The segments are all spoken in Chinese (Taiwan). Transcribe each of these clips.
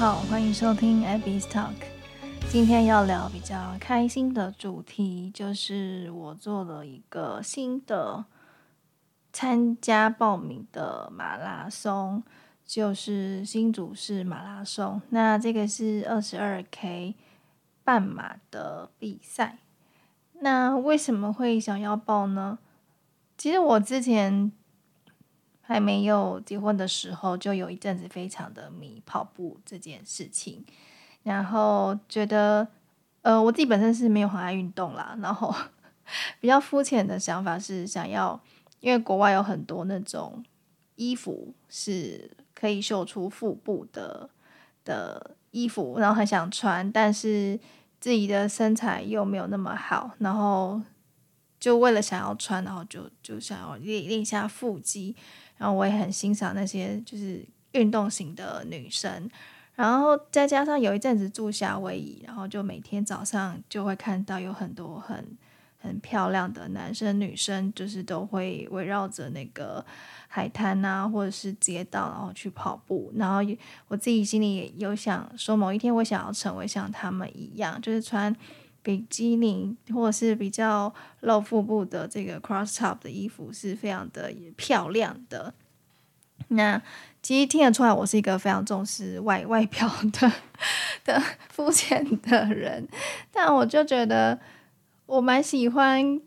好，歡迎收聽 Abby's Talk。今天要聊比較開心的主題，就是我做了一個新的參加報名的馬拉松，就是新竹市馬拉松。那這個是二十二 K 半馬的比賽。那為什麼會想要報呢？其實我之前還沒有結婚的時候，就有一陣子非常的迷跑步這件事情，然後覺得，呃，我自己本身是沒有很愛運動啦，然後比較膚淺的想法是想要，因為國外有很多那種衣服是可以秀出腹部的的衣服，然後很想穿，但是自己的身材又沒有那麼好，然後就為了想要穿，然後就就想要練練一下腹肌。然後我也很欣賞那些就是運動型的女生，然後再加上有一陣子住夏威夷，然後就每天早上就會看到有很多很很漂亮的男生女生，就是都會圍繞着那個海灘啊，或者是街道，然後去跑步。然後我自己心裡也有想說，某一天我想要成為像他們一樣，就是穿。比基尼或者是比較露腹部的這個 cross top 的衣服，是非常的漂亮的。那其實聽得出來，我是一個非常重視外外表的的膚淺的人，但我就覺得我蠻喜歡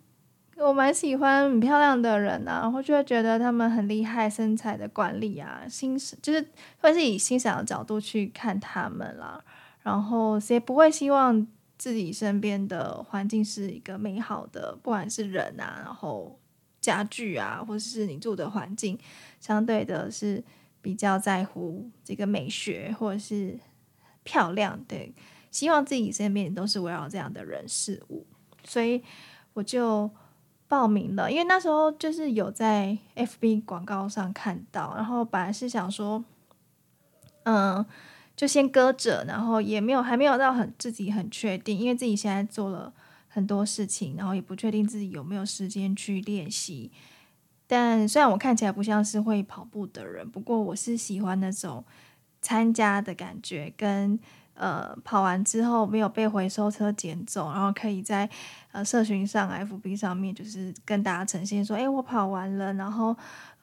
我蠻喜歡很漂亮的人啊，然後就會覺得他們很厲害，身材的管理啊，欣就是會是以欣賞的角度去看他們啦，然後誰不會希望，自己身邊的環境是一個美好的，不管是人啊，然後家具啊，或者是你住的環境，相對的是比較在乎這個美學或者是漂亮，對，希望自己身邊都是圍繞這樣的人事物，所以我就報名了，因為那時候就是有在 FB 廣告上看到，然後本來是想說，嗯。就先擱着，然後也沒有還沒有到很自己很確定，因為自己現在做了很多事情，然後也不確定自己有沒有時間去練習。但雖然我看起來不像是會跑步的人，不過我是喜歡那種參加的感覺，跟呃跑完之後沒有被回收車撿走，然後可以在呃社群上、FB 上面就是跟大家呈現說：“誒、欸，我跑完了，然後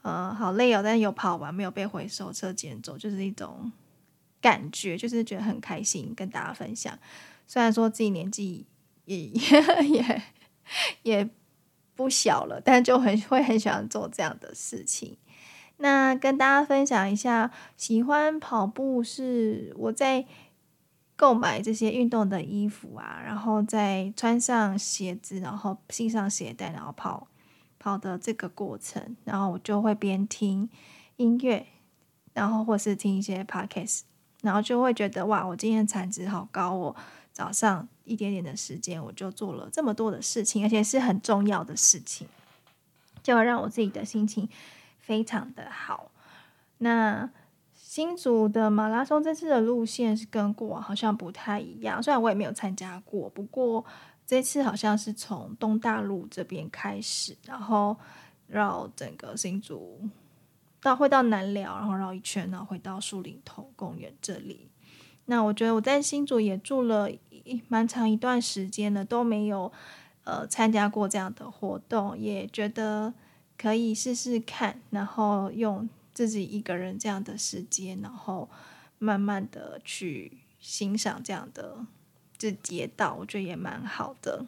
呃好累哦，但有跑完，沒有被回收車撿走，就是一種。”感覺就是覺得很開心，跟大家分享。雖然說自己年紀也也也不小了，但就很會很喜歡做這樣的事情。那跟大家分享一下，喜歡跑步是我在購買這些運動的衣服啊，然後再穿上鞋子，然後繫上鞋帶，然後跑跑的這個過程。然後我就會邊聽音樂，然後或是聽一些 Podcast。然後就會覺得哇，我今天產值好高哦！我早上一點點的時間，我就做了這麼多的事情，而且是很重要的事情，就讓我自己的心情非常的好。那新竹的馬拉松這次的路線是跟過往好像不太一樣，雖然我也沒有參加過，不過這次好像是從東大路這邊開始，然後繞整個新竹。到會到南寮，然後繞一圈，然後回到樹林頭公園這裡。那我覺得我在新竹也住了一蠻長一段時間了，都沒有呃參加過這樣的活動，也覺得可以試試看，然後用自己一個人這樣的時間，然後慢慢的去欣賞這樣的這街道，我覺得也蠻好的。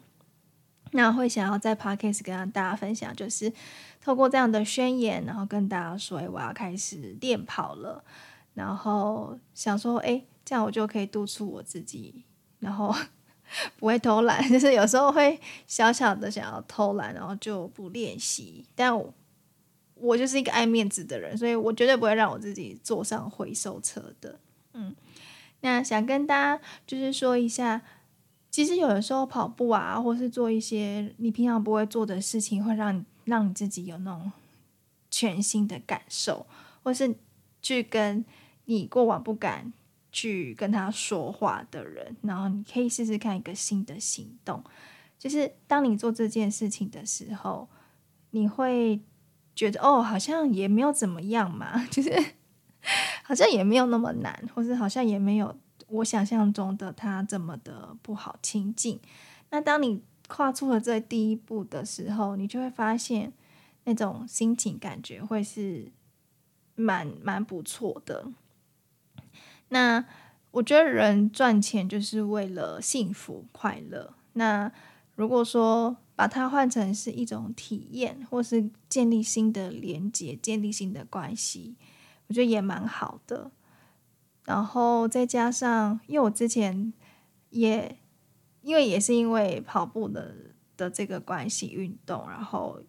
那我會想要在 podcast 跟大家分享，就是透過這樣的宣言，然後跟大家說：“哎，我要開始練跑了。”然後想說：“誒，這樣我就可以督促我自己，然後不會偷懶。”就是有時候會小小的想要偷懶，然後就不練習。但我，我就是一個愛面子的人，所以我絕對不會讓我自己坐上回收車的。嗯，那想跟大家就是說一下。其實有的時候跑步啊，或是做一些你平常不會做的事情，會讓你讓你自己有那種全新的感受，或是去跟你過往不敢去跟他說話的人，然後你可以試試看一個新的行動。就是當你做這件事情的時候，你會覺得哦，好像也沒有怎麼樣嘛，就是好像也沒有那麼難，或是好像也沒有。我想象中的他這麼的不好親近，那當你跨出了這第一步的時候，你就會發現那種心情感覺會是蠻蠻不錯的。那我覺得人賺錢就是為了幸福快樂，那如果說把它換成是一種體驗，或是建立新的連接、建立新的關係，我覺得也蠻好的。然後再加上，因為我之前也，因為也是因為跑步的的這個關係，運動，然後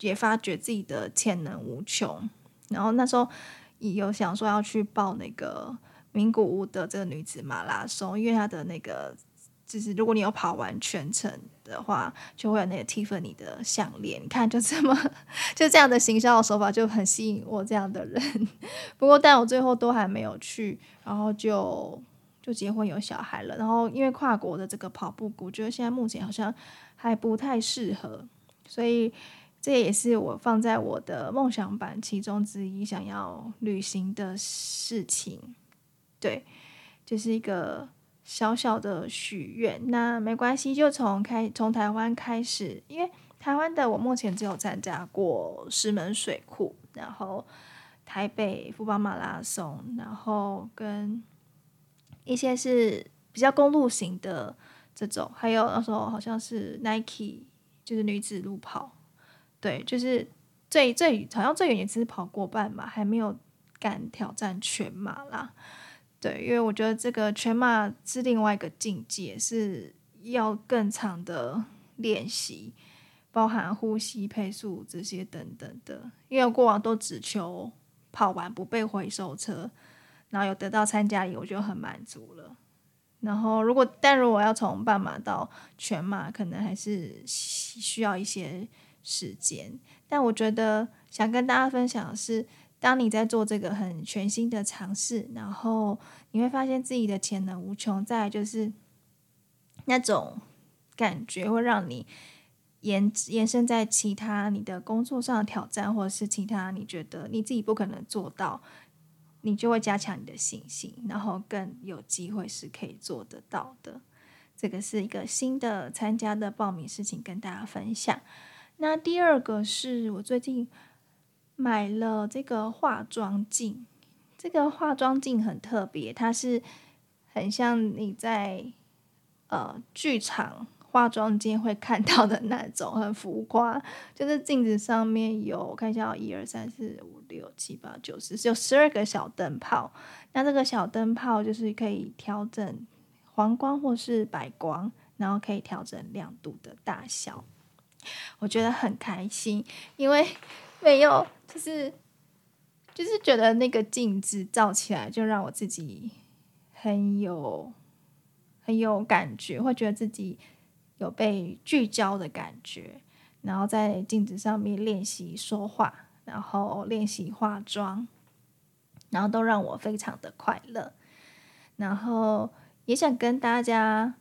也發覺自己的潛能無窮。然後那時候也有想說要去報那個名古屋的這個女子馬拉松，因為她的那個就是如果你有跑完全程。的話，就會有那個 Tiffany 的項鏈。你看，就這麼就這樣的行銷的手法就很吸引我這樣的人。不過，但我最後都還沒有去，然後就就結婚有小孩了。然後，因為跨國的這個跑步，我覺得現在目前好像還不太適合，所以這也是我放在我的夢想版其中之一想要旅行的事情。對，就是一個。小小的許願，那沒關係，就從開從台灣開始，因為台灣的我目前只有參加過石門水庫，然後台北富邦馬拉松，然後跟一些是比較公路型的這種，還有那時候好像是 Nike 就是女子路跑，對，就是最最好像最遠也只是跑過半馬，還沒有敢挑戰全馬啦。對，因為我覺得這個全馬是另外一個境界，是要更長的練習，包含呼吸、配速這些等等的。因為我過往都只求跑完不被回收車，然後有得到參加禮我就很滿足了。然後如果，但如果要從半馬到全馬，可能還是需要一些時間。但我覺得想跟大家分享的是。當你在做這個很全新的嘗試，然後你會發現自己的潛能無窮。再就是那種感覺會讓你延延伸在其他你的工作上的挑戰，或者是其他你覺得你自己不可能做到，你就會加強你的信心，然後更有機會是可以做得到的。這個是一個新的參加的報名事情跟大家分享。那第二個是我最近，買了這個化妝鏡，這個化妝鏡很特別，它是很像你在呃劇場化妝間會看到的那種，很浮誇。就是鏡子上面有，我看一下，一二三四五六七八九十，有十二個小燈泡。那這個小燈泡就是可以調整黃光或是白光，然後可以調整亮度的大小。我覺得很開心，因為。沒有，就是就是覺得那個鏡子照起來就讓我自己很有很有感覺，會覺得自己有被聚焦的感覺。然後在鏡子上面練習說話，然後練習化妝，然後都讓我非常的快樂。然後也想跟大家。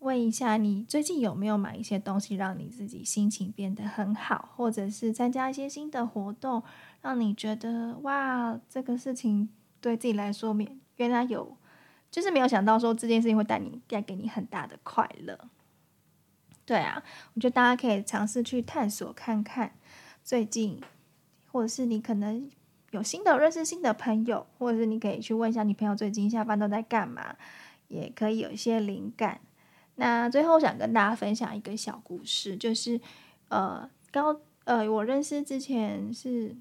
問一下，你最近有沒有買一些東西，讓你自己心情變得很好，或者是參加一些新的活動，讓你覺得哇，這個事情對自己來說，原原來有，就是沒有想到說這件事情會帶你帶給你很大的快樂。對啊，我覺得大家可以嘗試去探索看看，最近，或者是你可能有新的認識新的朋友，或者是你可以去問一下你朋友最近下班都在幹嘛，也可以有一些靈感。那最後想跟大家分享一個小故事，就是，呃，高，呃，我認識之前是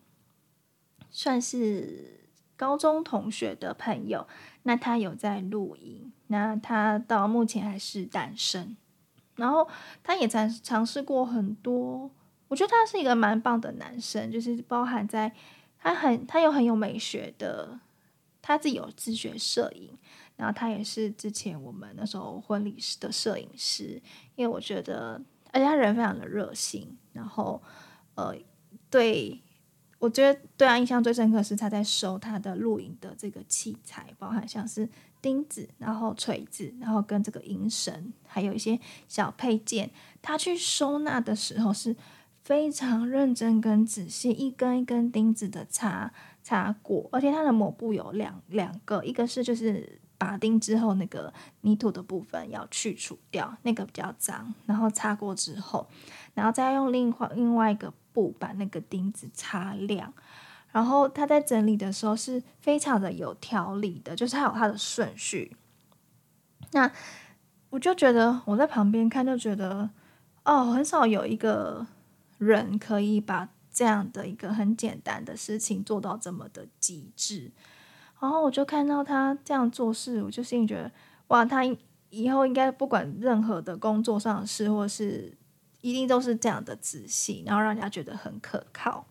算是高中同學的朋友，那他有在露營，那他到目前還是單身，然後他也嘗嘗試過很多，我覺得他是一個蠻棒的男生，就是包含在他很，他有很有美學的。他自己有自學攝影，然後他也是之前我們那時候婚禮時的攝影師。因為我覺得，而且他人非常的熱心，然後呃，對我覺得對他、啊、印象最深刻是他在收他的錄影的這個器材，包含像是釘子、然後錘子、然後跟這個銀繩，還有一些小配件。他去收納的時候是。非常認真跟仔細，一根一根釘子的擦擦過，而且它的抹布有兩兩個，一個是就是拔釘之後那個泥土的部分要去除掉，那個比較髒，然後擦過之後，然後再用另外另外一個布把那個釘子擦亮，然後他在整理的時候是非常的有條理的，就是他有他的順序。那我就覺得我在旁邊看就覺得哦，很少有一個。人可以把這樣的一個很簡單的事情做到這麼的極致，然後我就看到他這樣做事，我就心裡覺得，哇，他以後應該不管任何的工作上的事，或是一定都是這樣的仔細，然後讓人家覺得很可靠。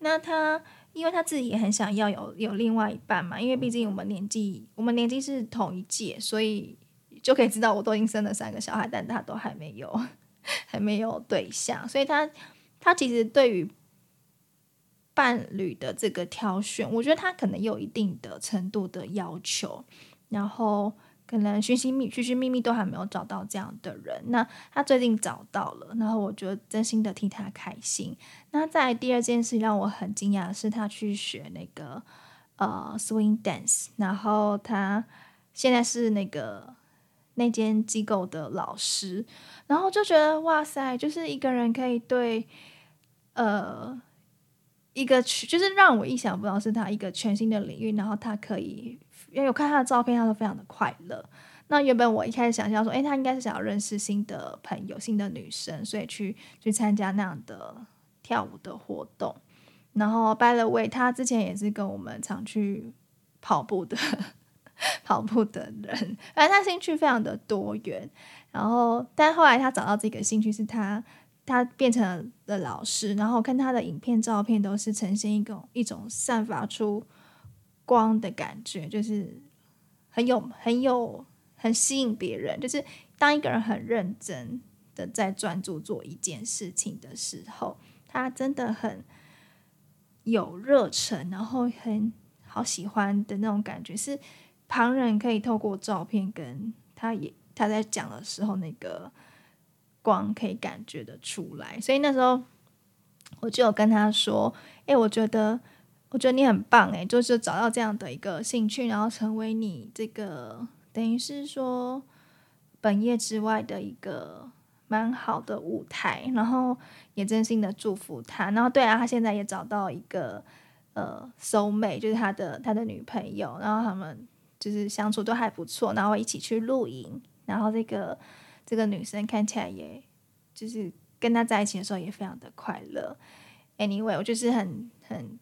那他，因為他自己也很想要有有另外一半嘛，因為畢竟我們年紀，我們年紀是同一屆，所以就可以知道我都已經生了三個小孩，但他都還沒有，還沒有對象，所以他。他其實對於伴侶的這個挑選，我覺得他可能有一定的程度的要求，然後可能尋尋覓尋尋覓覓都還沒有找到這樣的人。那他最近找到了，然後我覺得真心的替他開心。那在第二件事讓我很驚訝的是，他去學那個呃 swing dance，然後他現在是那個那間機構的老師，然後就覺得哇塞，就是一個人可以對。呃，一個就是讓我意想不到，是他一個全新的領域，然後他可以，因為我看他的照片，他都非常的快樂。那原本我一開始想象說，哎、欸，他應該是想要認識新的朋友、新的女生，所以去去參加那樣的跳舞的活動。然後，by the way，他之前也是跟我們常去跑步的、跑步的人，反正他興趣非常的多元。然後，但後來他找到這個興趣，是他。他變成了老師，然後看他的影片、照片，都是呈現一種一種散發出光的感覺，就是很有很有很吸引別人。就是當一個人很認真的在專注做一件事情的時候，他真的很有熱忱，然後很好喜歡的那種感覺，是旁人可以透過照片跟他也他在講的時候那個。光可以感覺得出來，所以那時候我就有跟他說：“誒、欸，我覺得，我覺得你很棒、欸，誒，就是找到這樣的一個興趣，然後成為你這個等於是說本業之外的一個蠻好的舞台，然後也真心的祝福他。然後對啊，他現在也找到一個呃收妹，Soulmate，就是他的他的女朋友，然後他們就是相處都還不錯，然後一起去露營，然後這個。”這個女生看起來也，就是跟她在一起的時候也非常的快樂。Anyway，我就是很很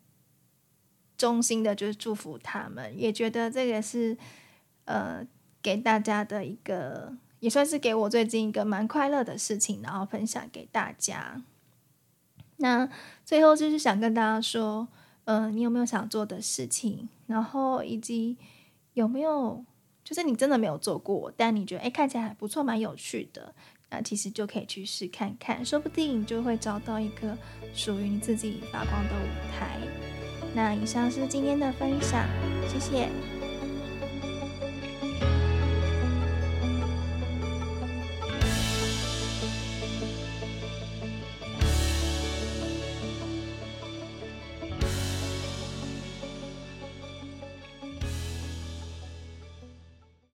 衷心的，就是祝福他們，也覺得這個是呃給大家的一個，也算是給我最近一個蠻快樂的事情，然後分享給大家。那最後就是想跟大家說，嗯，呃，你有沒有想做的事情？然後以及有沒有？就是你真的沒有做過，但你覺得誒、欸、看起來還不錯，蠻有趣的，那其實就可以去試看看，說不定你就會找到一個屬於你自己發光的舞台。那以上是今天的分享，謝謝。